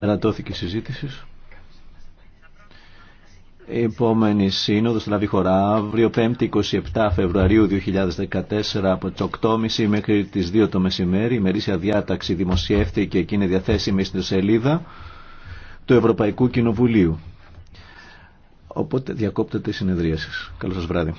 Ανατώθηκε η συζήτηση. Η επόμενη σύνοδος θα λάβει χώρα αύριο 5η 27 Φεβρουαρίου 2014 από τις 8.30 μέχρι τις 2 το μεσημέρι. Η μερίσια διάταξη δημοσιεύτηκε και είναι διαθέσιμη στην σελίδα του Ευρωπαϊκού Κοινοβουλίου. Οπότε διακόπτεται η συνεδρίαση. Καλώς σας βράδυ.